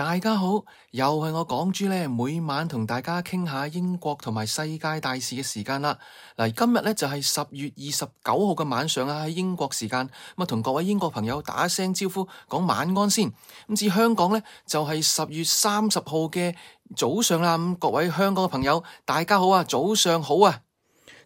大家好，又係我港珠咧，每晚同大家傾下英國同埋世界大事嘅時間啦。嗱，今日咧就係十月二十九號嘅晚上啊，喺英國時間，咁啊同各位英國朋友打聲招呼，講晚安先。咁至香港咧就係十月三十號嘅早上啦。咁各位香港嘅朋友，大家好啊，早上好啊。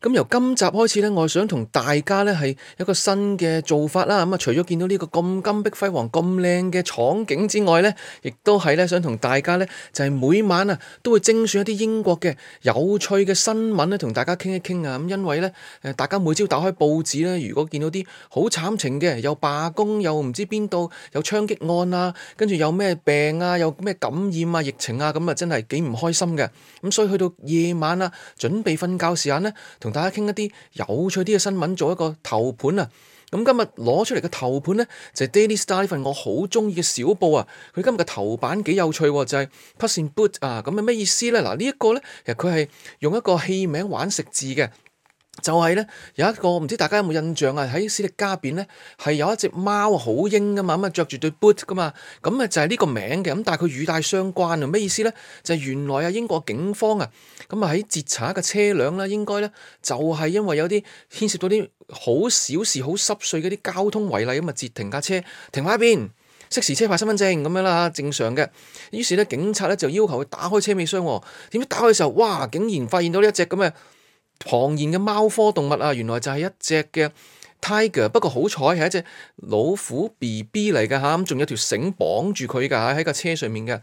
咁由今集開始咧，我係想同大家咧係一個新嘅做法啦。咁啊，除咗見到呢個咁金碧輝煌、咁靚嘅場景之外咧，亦都係咧想同大家咧就係每晚啊都會精選一啲英國嘅有趣嘅新聞咧，同大家傾一傾啊。咁因為咧誒，大家每朝打開報紙咧，如果見到啲好慘情嘅，又罷工，又唔知邊度有槍擊案啊，跟住有咩病啊，有咩感染啊，疫情啊，咁啊真係幾唔開心嘅。咁所以去到夜晚啊，準備瞓覺時間咧，同大家傾一啲有趣啲嘅新聞，做一個頭盤啊！咁今日攞出嚟嘅頭盤呢，就係、是、Daily Star 呢份我好鍾意嘅小報啊！佢今日嘅頭版幾有趣喎，就係 Puss in Boot 啊！咁係咩意思呢？嗱，呢、這、一個呢，其實佢係用一個戲名玩食字嘅。就係咧，有一個唔知大家有冇印象啊？喺史力加入邊咧，係有一隻貓好英噶嘛，咁啊着住對 boot 噶嘛，咁啊就係呢個名嘅。咁但係佢語帶相關，咩意思咧？就係、原來啊英國警方啊，咁啊喺截查個車輛啦，應該咧就係、係、因為有啲牽涉到啲好小事、好濕碎嗰啲交通違例咁啊，截停架車停喺一邊，即時車牌身、身份證咁樣啦，正常嘅。於是咧，警察咧就要求佢打開車尾箱、哦。點知打開嘅時候，哇！竟然發現到呢一隻咁嘅～龐然嘅貓科動物啊，原來就係一隻嘅 tiger，不過好彩係一隻老虎 B B 嚟嘅嚇，咁仲有條繩綁住佢㗎，喺架車上面嘅，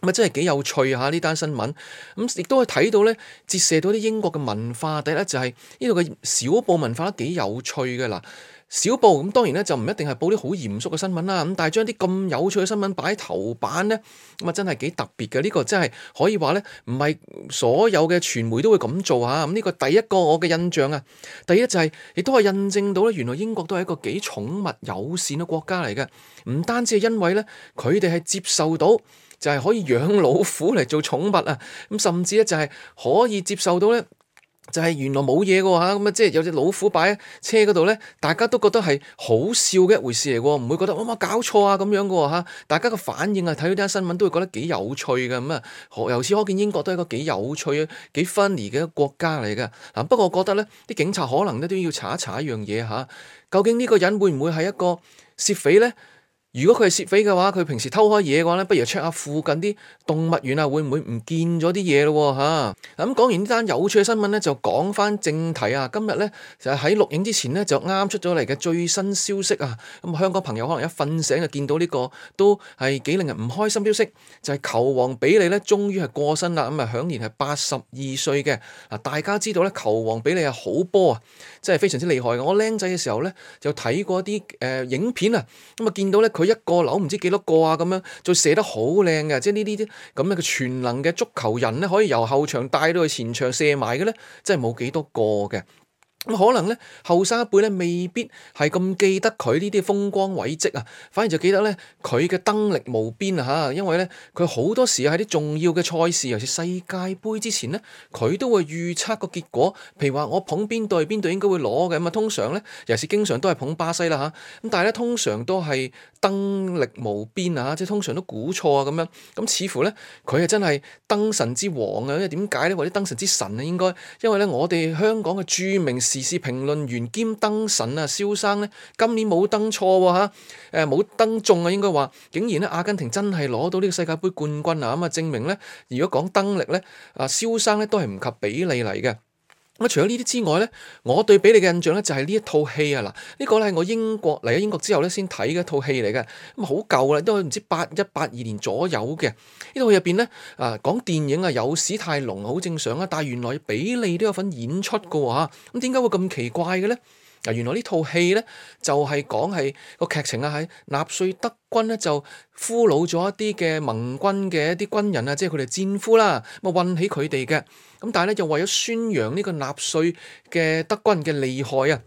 咁啊真係幾有趣嚇、啊、呢單新聞，咁亦都可以睇到咧，折射到啲英國嘅文化，第一就係呢度嘅小報文化都幾有趣嘅嗱。小報咁，當然咧就唔一定係報啲好嚴肅嘅新聞啦。咁但係將啲咁有趣嘅新聞擺喺頭版咧，咁啊真係幾特別嘅。呢個真係可以話咧，唔係所有嘅傳媒都會咁做吓。咁呢個第一個我嘅印象啊，第一就係亦都係印證到咧，原來英國都係一個幾寵物友善嘅國家嚟嘅。唔單止係因為咧，佢哋係接受到就係可以養老虎嚟做寵物啊，咁甚至咧就係可以接受到咧。就係原來冇嘢嘅喎，咁，啊即係有隻老虎擺喺車嗰度咧，大家都覺得係好笑嘅一回事嚟喎，唔會覺得哇搞錯啊咁樣嘅喎、啊、大家嘅反應啊睇到啲新聞都會覺得幾有趣嘅咁啊，由此可見英國都係一個幾有趣、幾 funny 嘅國家嚟嘅嗱。不過我覺得咧，啲警察可能都要查一查一樣嘢嚇，究竟呢個人會唔會係一個涉匪咧？如果佢係涉匪嘅話，佢平時偷開嘢嘅話咧，不如又 check 下附近啲動物園會不會不啊，會唔會唔見咗啲嘢咯？嚇！咁講完呢單有趣嘅新聞咧，就講翻正題啊。今日咧就喺、是、錄影之前咧，就啱出咗嚟嘅最新消息啊。咁啊，香港朋友可能一瞓醒就見到呢、這個都係幾令人唔開心消息，就係、是、球王比利咧，終於係過身啦。咁、嗯、啊，享年係八十二歲嘅。嗱、啊，大家知道咧，球王比利係好波啊，真係非常之厲害。我僆仔嘅時候咧，就睇過啲誒、呃、影片啊，咁啊，見到咧佢。一個樓唔知幾多個啊咁樣，再射得好靚嘅，即係呢啲啲咁樣嘅全能嘅足球人咧，可以由後場帶到去前場射埋嘅咧，真係冇幾多個嘅。咁可能咧後生一輩咧未必係咁記得佢呢啲風光偉績啊，反而就記得咧佢嘅燈力無邊啊吓，因為咧佢好多時啊喺啲重要嘅賽事，尤其是世界杯之前咧，佢都會預測個結果。譬如話我捧邊隊邊隊應該會攞嘅咁啊，通常咧尤其是經常都係捧巴西啦、啊、吓，咁但係咧通常都係燈力無邊啊即係通常都估錯啊咁樣，咁、嗯、似乎咧佢係真係燈神之王啊！因為點解咧？或者燈神之神啊？應該，因為咧我哋香港嘅著名。時事評論員兼燈神啊，蕭生咧今年冇登錯喎嚇，誒冇登中啊，應該話竟然咧阿根廷真係攞到呢個世界盃冠軍啊，咁啊證明咧，如果講燈力咧，啊蕭生咧都係唔及比利嚟嘅。咁除咗呢啲之外咧，我對比利嘅印象咧就係呢一套戲啊！嗱，呢個咧係我英國嚟咗英國之後咧先睇嘅一套戲嚟嘅，咁好舊啦，都唔知八一八二年左右嘅呢套戲入邊咧，啊講電影啊有史泰龍好正常啦，但係原來比利都有份演出嘅喎，咁點解會咁奇怪嘅咧？嗱，原來呢套戲咧就係講係個劇情啊，係納粹德軍咧就俘虜咗一啲嘅盟軍嘅一啲軍人啊，即係佢哋戰俘啦，咁運起佢哋嘅，咁但係咧又為咗宣揚呢個納粹嘅德軍嘅利害啊！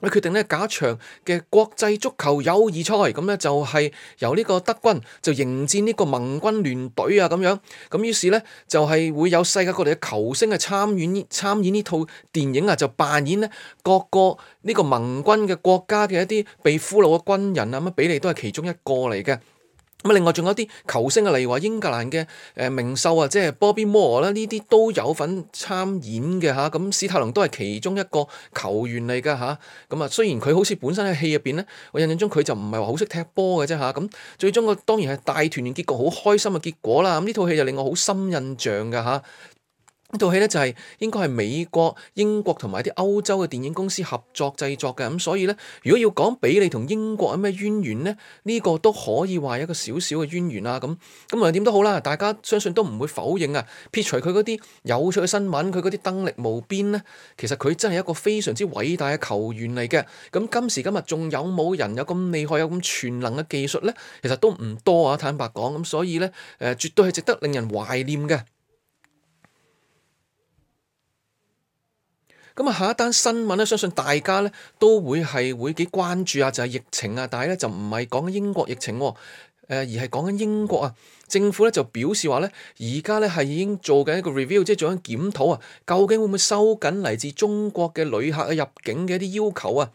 佢決定咧假場嘅國際足球友誼賽，咁咧就係、是、由呢個德軍就迎戰呢個盟軍聯隊啊，咁樣，咁於是呢，就係會有世界各地嘅球星嘅參與，參與呢套電影啊，就扮演咧各個呢個盟軍嘅國家嘅一啲被俘虜嘅軍人啊，咁比利都係其中一個嚟嘅。咁另外仲有啲球星啊，例如話英格蘭嘅誒名宿啊，即係 Bobby Moore 啦，呢啲都有份參演嘅吓。咁史泰龍都係其中一個球員嚟噶吓。咁啊，雖然佢好似本身喺戲入邊咧，我印象中佢就唔係話好識踢波嘅啫吓。咁最終個當然係大團圓結局，好開心嘅結果啦。咁呢套戲就令我好深印象嘅吓。呢套戲咧就係、是、應該係美國、英國同埋啲歐洲嘅電影公司合作製作嘅，咁所以咧，如果要講比利同英國有咩淵源咧，呢、這個都可以話一個少少嘅淵源啊，咁咁無論點都好啦，大家相信都唔會否認啊。撇除佢嗰啲有趣嘅新聞，佢嗰啲登力無邊咧，其實佢真係一個非常之偉大嘅球員嚟嘅。咁今時今日仲有冇人有咁厲害、有咁全能嘅技術咧？其實都唔多啊，坦白講。咁所以咧，誒、呃、絕對係值得令人懷念嘅。咁下一單新聞咧，相信大家咧都會係會幾關注啊，就係疫情啊，但係咧就唔係講緊英國疫情喎，誒而係講緊英國啊，政府咧就表示話咧，而家咧係已經做緊一個 review，即係做緊檢討啊，究竟會唔會收緊嚟自中國嘅旅客入境嘅一啲要求啊？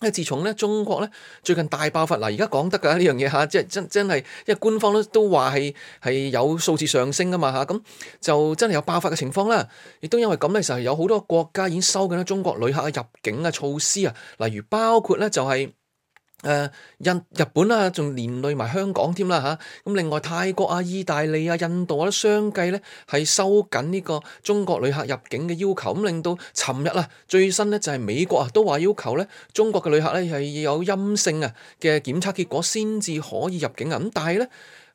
因為自從咧中國咧最近大爆發，嗱而家講得噶呢樣嘢嚇，即係真真係，因為官方都都話係係有數字上升噶嘛嚇，咁就真係有爆發嘅情況啦。亦都因為咁咧，就係有好多國家已經收緊咗中國旅客入境嘅措施啊，例如包括咧就係、是。誒，日日本啦，仲連累埋香港添啦吓，咁另外泰國啊、意大利啊、印度啊，都相繼咧係收緊呢個中國旅客入境嘅要求，咁令到尋日啊最新咧就係美國啊都話要求咧中國嘅旅客咧係要有陰性啊嘅檢測結果先至可以入境啊，咁但係咧。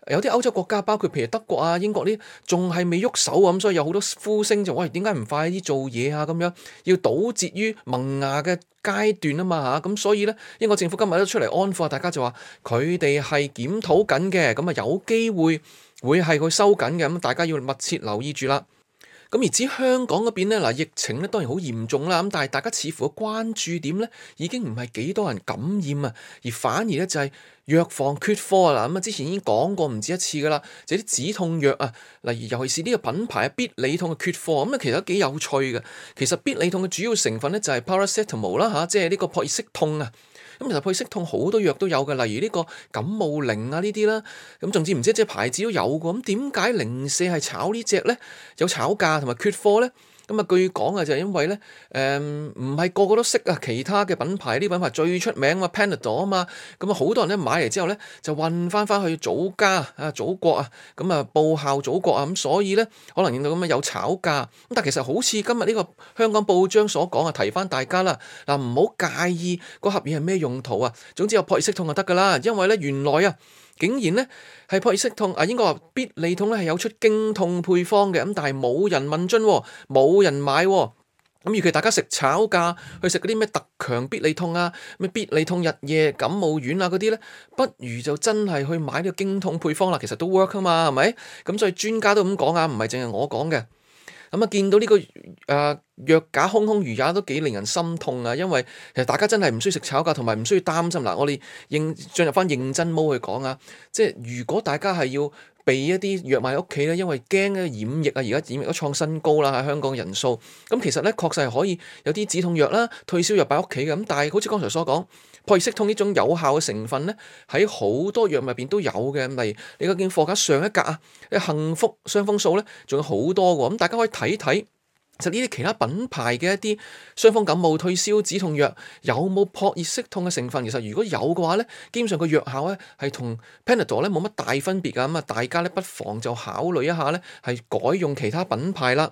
有啲歐洲國家，包括譬如德國啊、英國呢，仲係未喐手咁、啊，所以有好多呼聲就話：喂，點解唔快啲做嘢啊？咁樣要堵截於萌芽嘅階段啊嘛嚇！咁、啊、所以咧，英國政府今日都出嚟安撫啊，大家就話佢哋係檢討緊嘅，咁啊、嗯、有機會會係去收緊嘅，咁、嗯、大家要密切留意住啦。咁而至於香港嗰邊咧，嗱疫情咧當然好嚴重啦，咁但係大家似乎嘅關注點咧，已經唔係幾多人感染啊，而反而咧就係藥房缺貨啊，嗱咁啊之前已經講過唔止一次噶啦，就係啲止痛藥啊，例如尤其是呢個品牌啊必理痛嘅缺貨，咁啊其實都幾有趣㗎，其實必理痛嘅主要成分咧就係 paracetamol 啦吓，即係呢個撲熱息痛啊。咁其實必理痛好多藥都有嘅，例如呢個感冒靈啊呢啲啦，咁甚至唔知即係牌子都有嘅。咁點解零舍係炒呢隻咧？有炒價同埋缺貨咧？咁啊，據講啊，就係因為咧，誒唔係個個都識啊，其他嘅品牌，呢品牌最出名嘛，Panadol 啊嘛，咁啊，好多人咧買嚟之後咧，就運翻翻去祖家啊、祖國啊，咁啊報效祖國啊，咁所以咧，可能見到咁啊有炒價，咁但係其實好似今日呢個香港報章所講啊，提翻大家啦，嗱唔好介意個盒嘢係咩用途啊，總之有撲熱息痛就得噶啦，因為咧原來啊。竟然咧係撲熱息痛啊，應該話必理痛咧係有出經痛配方嘅，咁但係冇人問津啊，冇人買啊。咁與其大家食炒價去食嗰啲咩特強必理痛啊、咩必理痛日夜感冒丸啊嗰啲咧，不如就真係去買呢個經痛配方啦。其實都 work 啊嘛，係咪？咁所以專家都咁講啊，唔係淨係我講嘅。咁啊，見到呢、這個誒、呃、藥架空空如也，都幾令人心痛啊！因為其實大家真係唔需要食炒價，同埋唔需要擔心嗱。我哋認進入翻認真 mode 去講啊，即係如果大家係要備一啲藥買喺屋企咧，因為驚咧染疫啊！而家染疫都創新高啦，喺香港人數。咁其實咧，確實係可以有啲止痛藥啦、退燒藥擺喺屋企嘅。咁但係，好似剛才所講，撲熱息痛呢種有效嘅成分咧，喺好多藥物入邊都有嘅，例如你嗰件貨架上一格啊，幸福傷風素咧，仲有好多嘅，咁大家可以睇睇，就呢啲其他品牌嘅一啲傷風感冒退燒止痛藥有冇撲熱息痛嘅成分？其實如果有嘅話咧，基本上個藥效咧係同 Panadol 咧冇乜大分別噶，咁啊大家咧不妨就考慮一下咧，係改用其他品牌啦。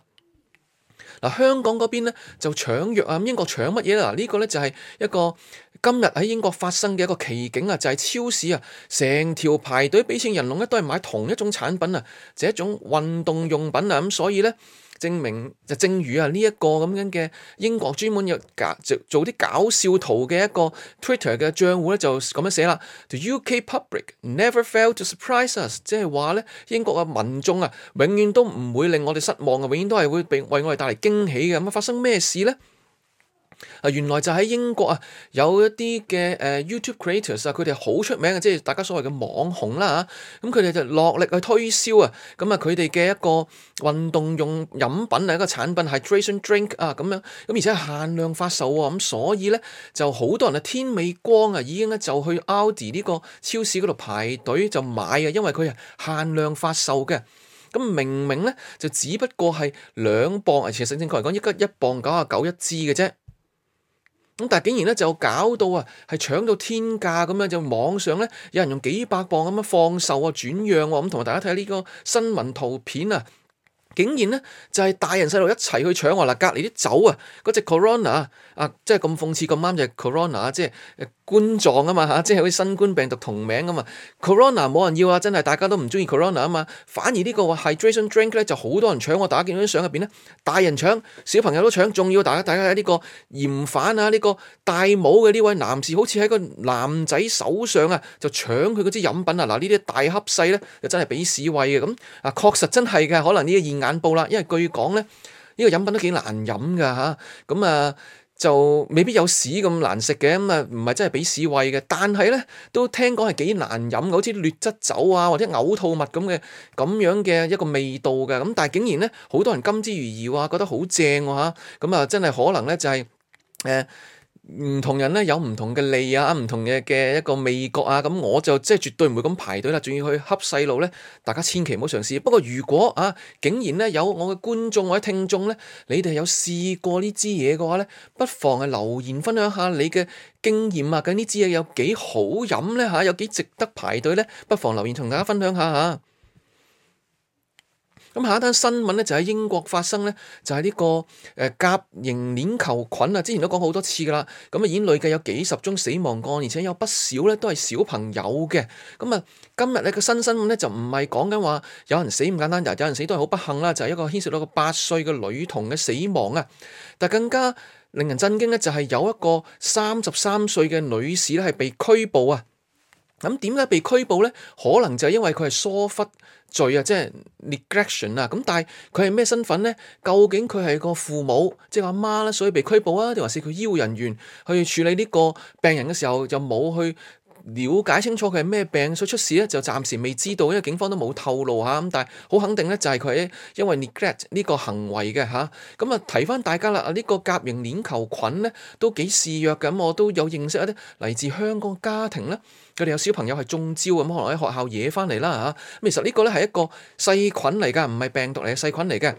嗱，香港嗰邊咧就搶藥啊！英國搶乜嘢咧？呢個咧就係一個今日喺英國發生嘅一個奇景啊！就係超市啊，成條排隊俾錢人龍咧都係買同一種產品啊，就係一種運動用品啊，咁所以咧。證明就正如啊呢一個咁樣嘅英國專門有搞做啲搞笑圖嘅一個 Twitter 嘅賬戶咧，就咁樣寫啦。The UK public never fail to surprise us，即係話咧英國嘅民眾啊，永遠都唔會令我哋失望嘅，永遠都係會俾為我哋帶嚟驚喜嘅。咁啊，發生咩事咧？啊，原來就喺英國啊，有一啲嘅誒 YouTube creators 啊，佢哋好出名嘅，即係大家所謂嘅網紅啦嚇。咁佢哋就落力去推銷啊。咁啊，佢哋嘅一個運動用飲品啊，一個產品係 Jason Drink 啊，咁、啊、樣。咁、啊、而且係限量發售喎、啊。咁、嗯、所以咧，就好多人啊，天未光啊，已經咧就去 Aldi 呢個超市嗰度排隊就買啊，因為佢係限量發售嘅。咁、啊、明明咧就只不過係兩磅，而其實正正確嚟講，一斤一磅九啊九一支嘅啫。咁但係竟然咧就搞到啊，係搶到天價咁樣，就網上咧有人用幾百磅咁樣放售啊轉讓喎，咁同埋大家睇下呢個新聞圖片啊！竟然咧就係大人細路一齊去搶我，那個、ona，啊！嗱，隔離啲酒啊，嗰隻 Corona 啊，即係咁諷刺咁啱就 Corona，即係冠狀啊嘛嚇，即係好似新冠病毒同名噶嘛，啊。Corona 冇人要啊，真係大家都唔中意 Corona 啊嘛。反而個 drink，呢個話 Hydration Drink 咧，就好多人搶我。大家見到啲相入邊咧，大人搶，小朋友都搶，仲要大家大家喺呢個嫌犯啊呢，這個戴帽嘅呢位男士，好似喺個男仔手上啊，就搶佢嗰支飲品啊！嗱，啊，呢啲大蝦細咧，又真係俾示威嘅咁啊，確實真係嘅，可能呢個現。眼部啦，因為據講咧，呢、這個飲品都幾難飲噶吓，咁啊就未必有屎咁難食嘅，咁啊唔係真係俾屎喂嘅，但係咧都聽講係幾難飲，好似劣質酒啊或者嘔吐物咁嘅咁樣嘅一個味道嘅，咁、啊、但係竟然咧好多人甘之如饴啊，覺得好正吓、啊，咁啊、啊真係可能咧就係、是、誒。呃唔同人咧有唔同嘅利啊，唔同嘅嘅一個味覺啊，咁我就即係絕對唔會咁排隊啦，仲要去恰細路咧，大家千祈唔好嘗試。不過如果啊，竟然咧有我嘅觀眾或者聽眾咧，你哋有試過呢支嘢嘅話咧，不妨係留言分享下你嘅經驗啊，究竟呢支嘢有幾好飲咧吓，有幾值得排隊咧，不妨留言同、啊、大家分享下吓。啊咁下一單新聞咧就喺英國發生咧，就係呢個誒甲型鏈球菌啊，之前都講好多次噶啦。咁啊，已經累計有幾十宗死亡個案，而且有不少咧都係小朋友嘅。咁啊，今日咧個新新聞咧就唔係講緊話有人死唔簡單，就有人死都係好不幸啦，就係一個牽涉到一個八歲嘅女童嘅死亡啊。但更加令人震驚咧，就係有一個三十三歲嘅女士咧係被拘捕啊。咁點解被拘捕咧？可能就係因為佢係疏忽罪啊，即係 neglection 啊。咁但係佢係咩身份咧？究竟佢係個父母，即係阿媽咧，所以被拘捕啊？定還是佢醫護人員去處理呢個病人嘅時候就冇去？了解清楚佢係咩病，所以出事咧就暫時未知道，因為警方都冇透露嚇。咁但係好肯定咧，就係佢因為 neglect 呢個行為嘅嚇。咁啊就提翻大家啦，呢、這個甲型鏈球菌咧都幾肆虐嘅，咁我都有認識一啲嚟自香港嘅家庭咧，佢哋有小朋友係中招咁，可能喺學校惹翻嚟啦嚇。咁、啊、其實呢個咧係一個細菌嚟㗎，唔係病毒嚟嘅，細菌嚟嘅。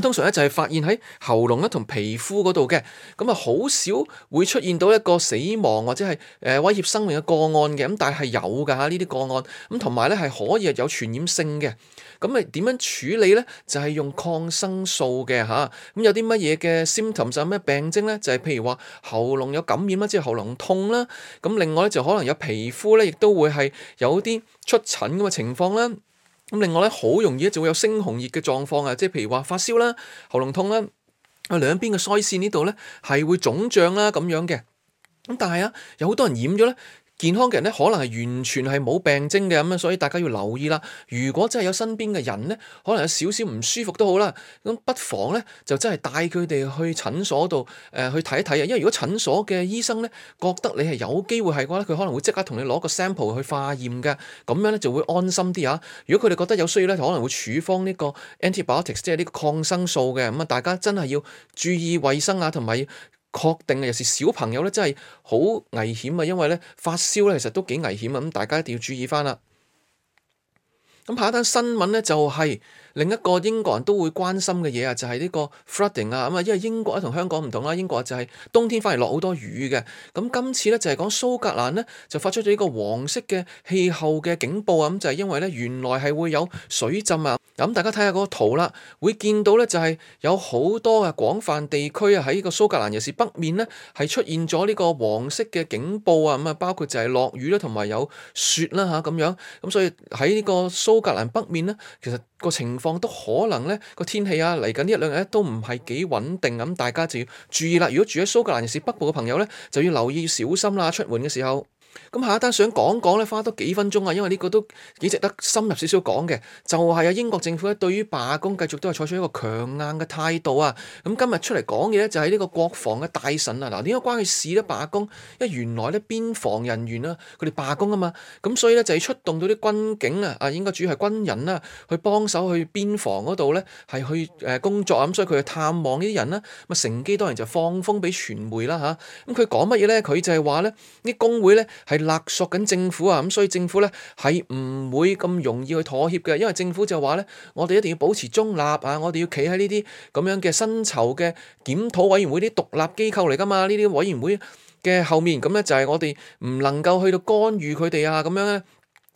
通常咧就係發現喺喉嚨咧同皮膚嗰度嘅，咁啊好少會出現到一個死亡或者係誒威脅生命嘅個案嘅，咁但係有噶呢啲個案，咁同埋咧係可以有傳染性嘅，咁咪點樣處理咧？就係用抗生素嘅吓，咁有啲乜嘢嘅 symptoms 就咩病徵咧？就係譬如話喉嚨有感染啦，即係喉嚨痛啦，咁另外咧就可能有皮膚咧亦都會係有啲出疹咁嘅情況啦。另外咧，好容易咧，就會有猩紅熱嘅狀況啊！即係譬如話發燒啦、喉嚨痛啦，兩邊嘅腮腺呢度咧係會腫脹啦咁樣嘅。咁但係啊，有好多人染咗咧。健康嘅人咧，可能係完全係冇病徵嘅咁啊，所以大家要留意啦。如果真係有身邊嘅人咧，可能有少少唔舒服都好啦，咁不妨咧就真係帶佢哋去診所度誒、呃、去睇一睇啊。因為如果診所嘅醫生咧覺得你係有機會係嘅話咧，佢可能會即刻同你攞個 sample 去化驗嘅，咁樣咧就會安心啲啊。如果佢哋覺得有需要咧，可能會處方呢個 antibiotics，即係呢個抗生素嘅。咁啊，大家真係要注意衞生啊，同埋。確定啊！有時小朋友咧，真係好危險啊！因為咧發燒咧，其實都幾危險啊！咁大家一定要注意返啦。咁下一單新聞咧就係。另一個英國人都會關心嘅嘢啊，就係、是、呢個 flooding 啊，咁啊，因為英國咧同香港唔同啦，英國就係冬天返嚟落好多雨嘅。咁今次咧就係、是、講蘇格蘭咧就發出咗呢個黃色嘅氣候嘅警報啊，咁就係因為咧原來係會有水浸啊。咁大家睇下嗰個圖啦，會見到咧就係、是、有好多嘅廣泛地區啊喺呢個蘇格蘭尤其是北面咧係出現咗呢個黃色嘅警報啊，咁啊包括就係落雨啦，同埋有雪啦嚇咁樣。咁所以喺呢個蘇格蘭北面咧，其實～個情況都可能咧，個天氣啊，嚟緊呢一兩日咧都唔係幾穩定咁，大家就要注意啦。如果住喺蘇格蘭西北部嘅朋友咧，就要留意要小心啦，出門嘅時候。咁下一單想講講咧，花多幾分鐘啊，因為呢個都幾值得深入少少講嘅。就係啊，英國政府咧對於罷工繼續都係採取一個強硬嘅態度啊。咁今日出嚟講嘢咧，就係呢個國防嘅大臣啊，嗱，點解關佢事咧？罷工，因為原來咧邊防人員啦，佢哋罷工啊嘛，咁所以咧就係出動到啲軍警啊，啊，應該主要係軍人啦，去幫手去邊防嗰度咧，係去誒工作啊，咁所以佢去探望呢啲人啦，咁啊乘機當然就放風俾傳媒啦吓，咁佢講乜嘢咧？佢就係話咧，呢啲工會咧。係勒索緊政府啊！咁所以政府咧係唔會咁容易去妥協嘅，因為政府就話咧，我哋一定要保持中立啊！我哋要企喺呢啲咁樣嘅薪酬嘅檢討委員會啲獨立機構嚟㗎嘛，呢啲委員會嘅後面咁咧就係我哋唔能夠去到干預佢哋啊咁樣咧。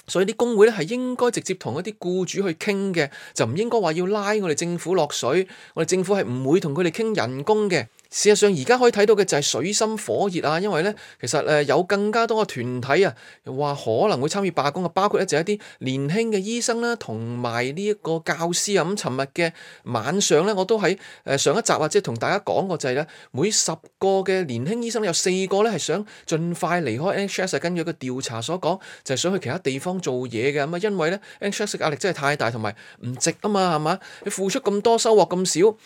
所以啲工會咧係應該直接同一啲僱主去傾嘅，就唔應該話要拉我哋政府落水。我哋政府係唔會同佢哋傾人工嘅。事實上，而家可以睇到嘅就係水深火熱啊！因為咧，其實誒有更加多嘅團體啊，話可能會參與罷工啊，包括、就係、一就係一啲年輕嘅醫生啦，同埋呢一個教師啊。咁、嗯，尋日嘅晚上咧，我都喺誒、呃、上一集或者同大家講過就呢，就係咧每十個嘅年輕醫生呢有四個咧係想盡快離開 NHS，係根據一個調查所講，就係、是、想去其他地方做嘢嘅咁啊，因為咧 NHS 壓力真係太大，同埋唔值啊嘛，係嘛？你付出咁多，收穫咁少，誒、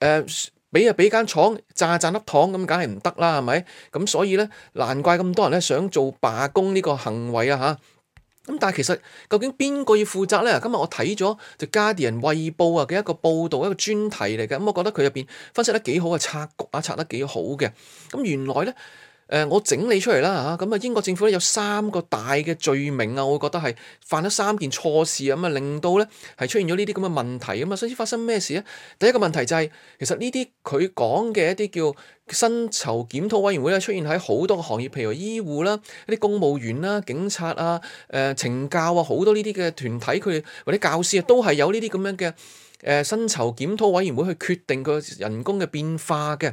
呃。呃畀啊俾間廠炸炸粒糖咁，梗係唔得啦，係咪？咁所以咧，難怪咁多人咧想做罷工呢個行為啊吓，咁但係其實究竟邊個要負責咧？今日我睇咗就《Guardian》《衛報》啊嘅一個報導，一個專題嚟嘅。咁、嗯、我覺得佢入邊分析得幾好啊，拆局啊拆得幾好嘅。咁、嗯、原來咧。誒，我整理出嚟啦嚇，咁啊英國政府咧有三個大嘅罪名啊，我會覺得係犯咗三件錯事啊，咁啊令到咧係出現咗呢啲咁嘅問題啊嘛。所以發生咩事咧？第一個問題就係、是、其實呢啲佢講嘅一啲叫薪酬檢討委員會咧，出現喺好多個行業，譬如話醫護啦、一啲公務員啦、警察啊、誒、呃、懲教啊，好多呢啲嘅團體佢哋或者教師啊，都係有呢啲咁樣嘅誒薪酬檢討委員會去決定個人工嘅變化嘅。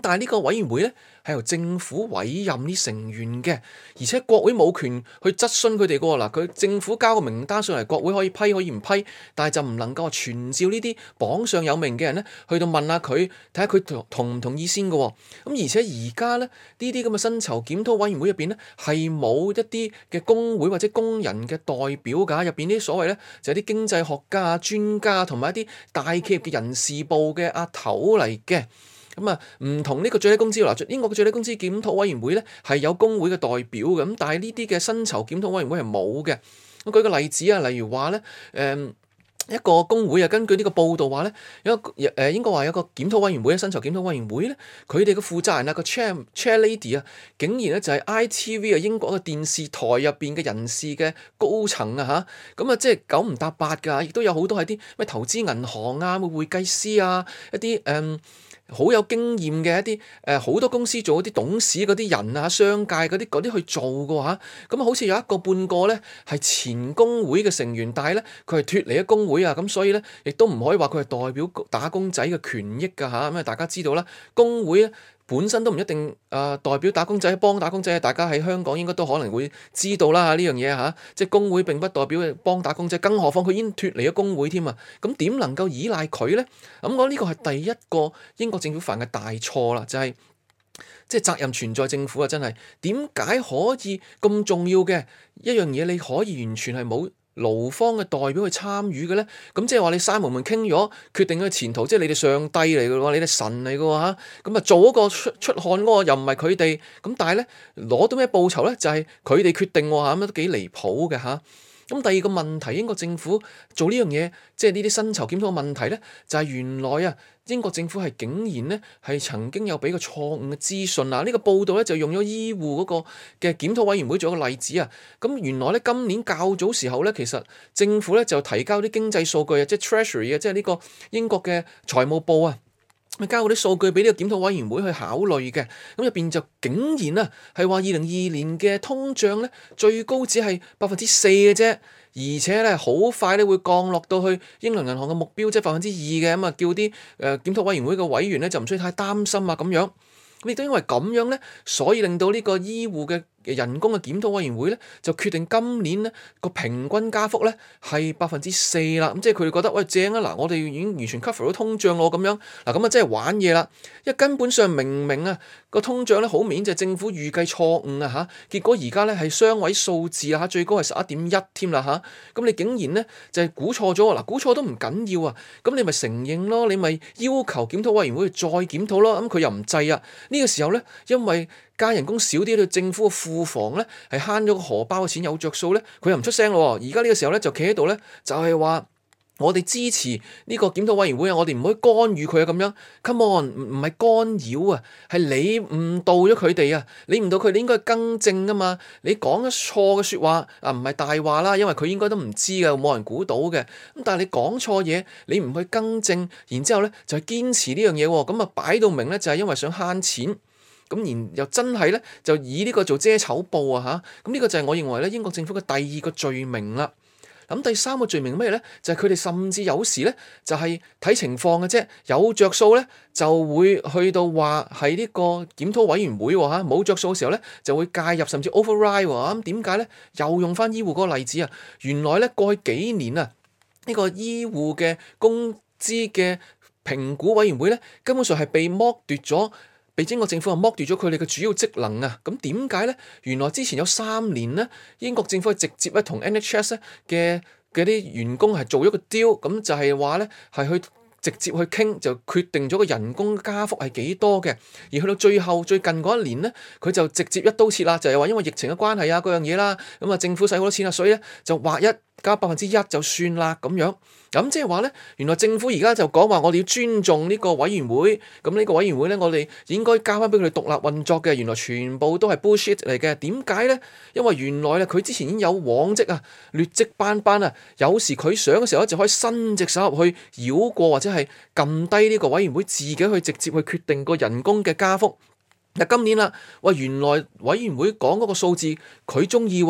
但係呢個委員會咧，係由政府委任啲成員嘅，而且國會冇權去質詢佢哋噶喎。嗱，佢政府交個名單上嚟，國會可以批可以唔批，但係就唔能夠話傳召呢啲榜上有名嘅人咧，去到問下佢睇下佢同唔同意先噶喎。咁而且而家咧，呢啲咁嘅薪酬檢討委員會入邊咧，係冇一啲嘅工會或者工人嘅代表㗎，入邊啲所謂咧就係啲經濟學家、專家同埋一啲大企業嘅人事部嘅阿頭嚟嘅。咁啊，唔同呢個最低工資嗱，英國嘅最低工資檢討委員會咧係有工會嘅代表嘅，咁但係呢啲嘅薪酬檢討委員會係冇嘅。我舉個例子啊，例如話咧，誒、嗯、一個工會啊，根據呢個報道話咧，英國有誒應該話有個檢討委員會啊，薪酬檢討委員會咧，佢哋嘅負責人啊，個 chair chair lady 啊，竟然咧就係 ITV 啊，英國嘅電視台入邊嘅人士嘅高層啊，嚇咁啊，即、就、係、是、九唔搭八㗎，亦都有好多係啲咩投資銀行啊、會計師啊、一啲誒。嗯好有經驗嘅一啲誒，好、呃、多公司做啲董事嗰啲人啊，商界嗰啲啲去做嘅話，咁、啊嗯、好似有一個半個咧係前工會嘅成員，但係咧佢係脱離咗工會啊，咁所以咧亦都唔可以話佢係代表打工仔嘅權益㗎嚇。咁啊、嗯，大家知道啦，工會咧。本身都唔一定啊，代表打工仔幫打工仔，大家喺香港應該都可能會知道啦，呢樣嘢吓，即係工會並不代表幫打工仔，更何況佢已經脱離咗工會添啊，咁、嗯、點能夠依賴佢咧？咁、嗯、覺得我呢個係第一個英國政府犯嘅大錯啦，就係即係責任存在政府啊！真係點解可以咁重要嘅一樣嘢，你可以完全係冇？勞方嘅代表去參與嘅咧，咁即係話你閂門門傾咗，決定佢嘅前途，即係你哋上帝嚟嘅喎，你哋神嚟嘅吓，咁、嗯、啊做嗰個出出汗個又唔係佢哋，咁但係咧攞到咩報酬咧？就係佢哋決定吓，咁都幾離譜嘅吓。咁第二個問題，英國政府做呢樣嘢，即係呢啲薪酬檢討嘅問題咧，就係原來啊，英國政府係竟然咧係曾經有俾個錯誤嘅資訊啦。呢個報道咧就用咗醫護嗰個嘅檢討委員會做一個例子啊。咁原來咧今年較早時候咧，其實政府咧就提交啲經濟數據啊，即係 Treasury 啊，即係呢個英國嘅財務部啊。咪交嗰啲數據俾呢個檢討委員會去考慮嘅，咁入邊就竟然啊係話二零二二年嘅通脹咧最高只係百分之四嘅啫，而且咧好快咧會降落到去英倫銀行嘅目標即係百分之二嘅，咁、就、啊、是嗯、叫啲誒檢討委員會嘅委員咧就唔需要太擔心啊咁樣，咁亦都因為咁樣咧，所以令到呢個醫護嘅人工嘅檢討委員會咧，就決定今年咧個平均加幅咧係百分之四啦。咁即係佢覺得喂正啊！嗱，我哋已經完全 cover 到通脹喎咁樣嗱，咁啊即係玩嘢啦！因為根本上明明啊個通脹咧好明顯就係政府預計錯誤啊嚇，結果而家咧係雙位數字啊，嚇，最高係十一點一添啦嚇。咁你竟然咧就係、係、估錯咗啊！嗱，估錯都唔緊要啊，咁你咪承認咯，你咪要求檢討委員會再檢討咯。咁佢又唔制啊！呢、呢個時候咧，因為加人工少啲，對政府嘅庫房咧係慳咗個荷包嘅錢有着數咧，佢又唔出聲咯、哦。而家呢個時候咧，就企喺度咧，就係、是、話我哋支持呢個檢討委員會啊，我哋唔可以干預佢啊咁樣。Come on，唔唔係干擾啊，係你誤導咗佢哋啊，你誤導佢，你應該更正啊嘛。你講錯嘅説話啊，唔係大話啦，因為佢應該都唔知嘅，冇人估到嘅。咁但係你講錯嘢，你唔去更正，然之後咧就係堅持呢樣嘢。咁啊，擺到明咧就係因為想慳錢。咁然後真係咧，就以呢個做遮醜布啊！嚇，咁呢個就係我認為咧，英國政府嘅第二個罪名啦。咁第三個罪名咩咧？就係佢哋甚至有時咧，就係、是、睇情況嘅啫。有着數咧，就會去到話係呢個檢討委員會喎嚇。冇、啊、着數嘅時候咧，就會介入甚至 override 咁、啊、點解咧？又用翻醫護嗰個例子啊？原來咧過去幾年啊，呢、這個醫護嘅工資嘅評估委員會咧，根本上係被剝奪咗。被英國政府啊剝奪咗佢哋嘅主要職能啊，咁點解咧？原來之前有三年咧，英國政府係直接咧同 NHS 咧嘅嗰啲員工係做咗個 deal，咁就係話咧係去直接去傾，就決定咗個人工加幅係幾多嘅，而去到最後最近嗰一年咧，佢就直接一刀切啦，就係話因為疫情嘅關係啊嗰樣嘢啦，咁啊政府使好多錢啊，所以咧就劃一。加百分之一就算啦咁樣，咁即係話呢，原來政府而家就講話我哋要尊重呢個委員會，咁、這、呢個委員會呢，我哋應該交翻俾佢哋獨立運作嘅。原來全部都係 bullshit 嚟嘅，點解呢？因為原來咧佢之前已經有往績啊，劣迹斑斑啊，有時佢想嘅時候咧，就可以伸隻手入去繞過或者係撳低呢個委員會，自己去直接去決定個人工嘅加幅。嗱，今年啦，哇，原來委員會講嗰個數字佢中意，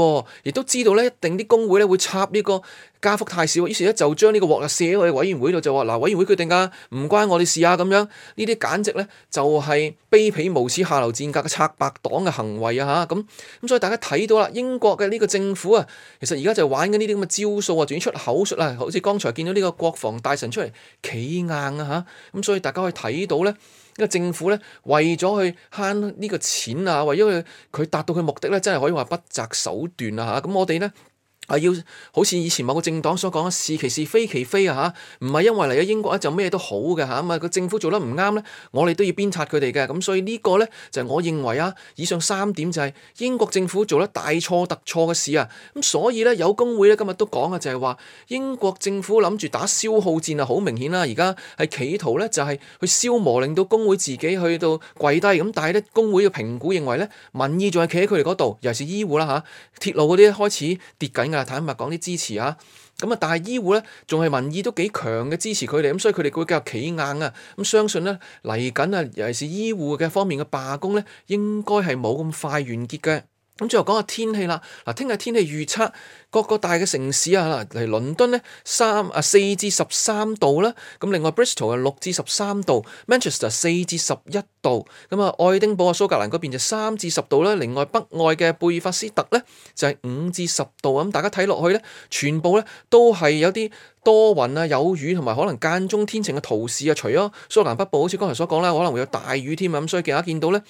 亦都知道咧，一定啲工會咧會插呢個加幅太少，於是咧就將呢個鑊啊，卸喺我哋委員會度，就話嗱，委員會決定啊，唔關我哋事啊，咁樣呢啲簡直咧就係卑鄙無恥、下流賤格嘅拆白黨嘅行為啊！吓，咁咁，所以大家睇到啦，英國嘅呢個政府啊，其實而家就玩緊呢啲咁嘅招數啊，仲要出口術啊，好似剛才見到呢個國防大臣出嚟企硬啊吓，咁所以大家可以睇到咧。因為政府咧為咗去慳呢個錢啊，為咗去佢達到佢目的咧，真係可以話不擇手段啊。咁我哋咧，啊！要好似以前某個政黨所講嘅是其是非其非啊！嚇，唔係因為嚟咗英國咧就咩都好嘅嚇，咁啊個政府做得唔啱咧，我哋都要鞭策佢哋嘅。咁所以呢個咧就係我認為啊，以上三點就係英國政府做得大錯特錯嘅事啊。咁所以咧有工會咧今日都講嘅就係話英國政府諗住打消耗戰啊，好明顯啦。而家係企圖咧就係去消磨，令到工會自己去到跪低。咁但係咧工會嘅評估認為咧民意仲係企喺佢哋嗰度，尤其是醫護啦、啊、嚇、啊、鐵路嗰啲開始跌緊。坦白講啲支持啊，咁啊，但係醫護咧仲係民意都幾強嘅支持佢哋，咁所以佢哋會比較企硬啊。咁相信咧嚟緊啊，尤其是醫護嘅方面嘅罷工咧，應該係冇咁快完結嘅。咁最後講下天氣啦。嗱，聽日天氣預測，各個大嘅城市啊，嚟倫敦咧三啊四至十三度啦。咁另外 Bristol 啊六至十三度，Manchester 四至十一度。咁啊，愛丁堡啊蘇格蘭嗰邊就三至十度啦；另外北愛嘅貝爾法斯特咧就係五至十度。咁大家睇落去咧，全部咧都係有啲多雲啊、有雨同埋可能間中天晴嘅圖示啊。除咗蘇格蘭北部，好似剛才所講啦，可能會有大雨添啊。咁所以而家見到咧。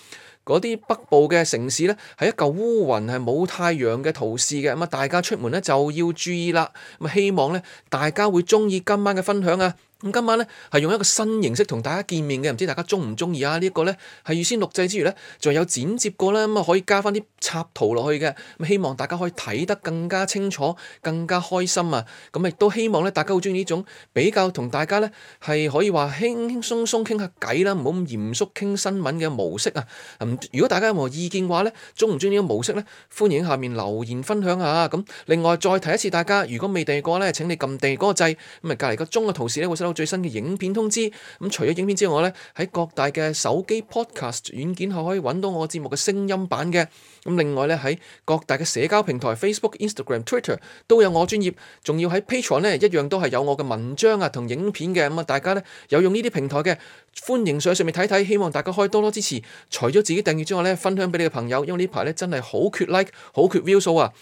嗰啲北部嘅城市咧，係一嚿烏雲係冇太陽嘅圖示嘅，咁啊大家出門咧就要注意啦。咁啊希望咧大家會鍾意今晚嘅分享啊！咁今晚咧係用一個新形式同大家見面嘅，唔知大家中唔中意啊？這個、呢一個咧係預先錄製之餘咧，仲有剪接過啦，咁啊可以加翻啲插圖落去嘅，咁希望大家可以睇得更加清楚、更加開心啊！咁亦都希望咧大家好中意呢種比較同大家咧係可以話輕輕鬆鬆傾下偈啦，唔好咁嚴肅傾新聞嘅模式啊！咁如果大家有冇意見嘅話咧，中唔中意呢個模式咧？歡迎下面留言分享下。咁另外再提一次，大家如果未訂過咧，請你撳訂閱嗰個掣，咁啊隔離個鐘嘅圖示咧會最新嘅影片通知，咁除咗影片之外，我喺各大嘅手機 Podcast 軟件係可以揾到我節目嘅聲音版嘅。咁另外咧喺各大嘅社交平台 Facebook、Instagram、Twitter 都有我專頁，仲要喺 Patreon 一樣都係有我嘅文章啊同影片嘅。咁啊，大家咧有用呢啲平台嘅，歡迎上去上面睇睇，希望大家可以多多支持。除咗自己訂閱之外咧，分享俾你嘅朋友，因為呢排咧真係好缺 like，好缺 view 數啊！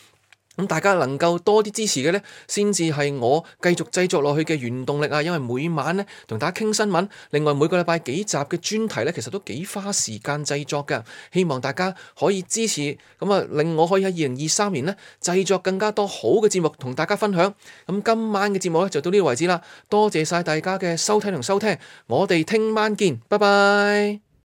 大家能夠多啲支持嘅呢，先至係我繼續製作落去嘅原動力啊！因為每晚呢，同大家傾新聞，另外每個禮拜幾集嘅專題呢，其實都幾花時間製作嘅。希望大家可以支持，咁啊令我可以喺二零二三年呢製作更加多好嘅節目同大家分享。咁今晚嘅節目呢，就到呢個位為止啦，多謝曬大家嘅收睇同收聽，我哋聽晚見，拜拜。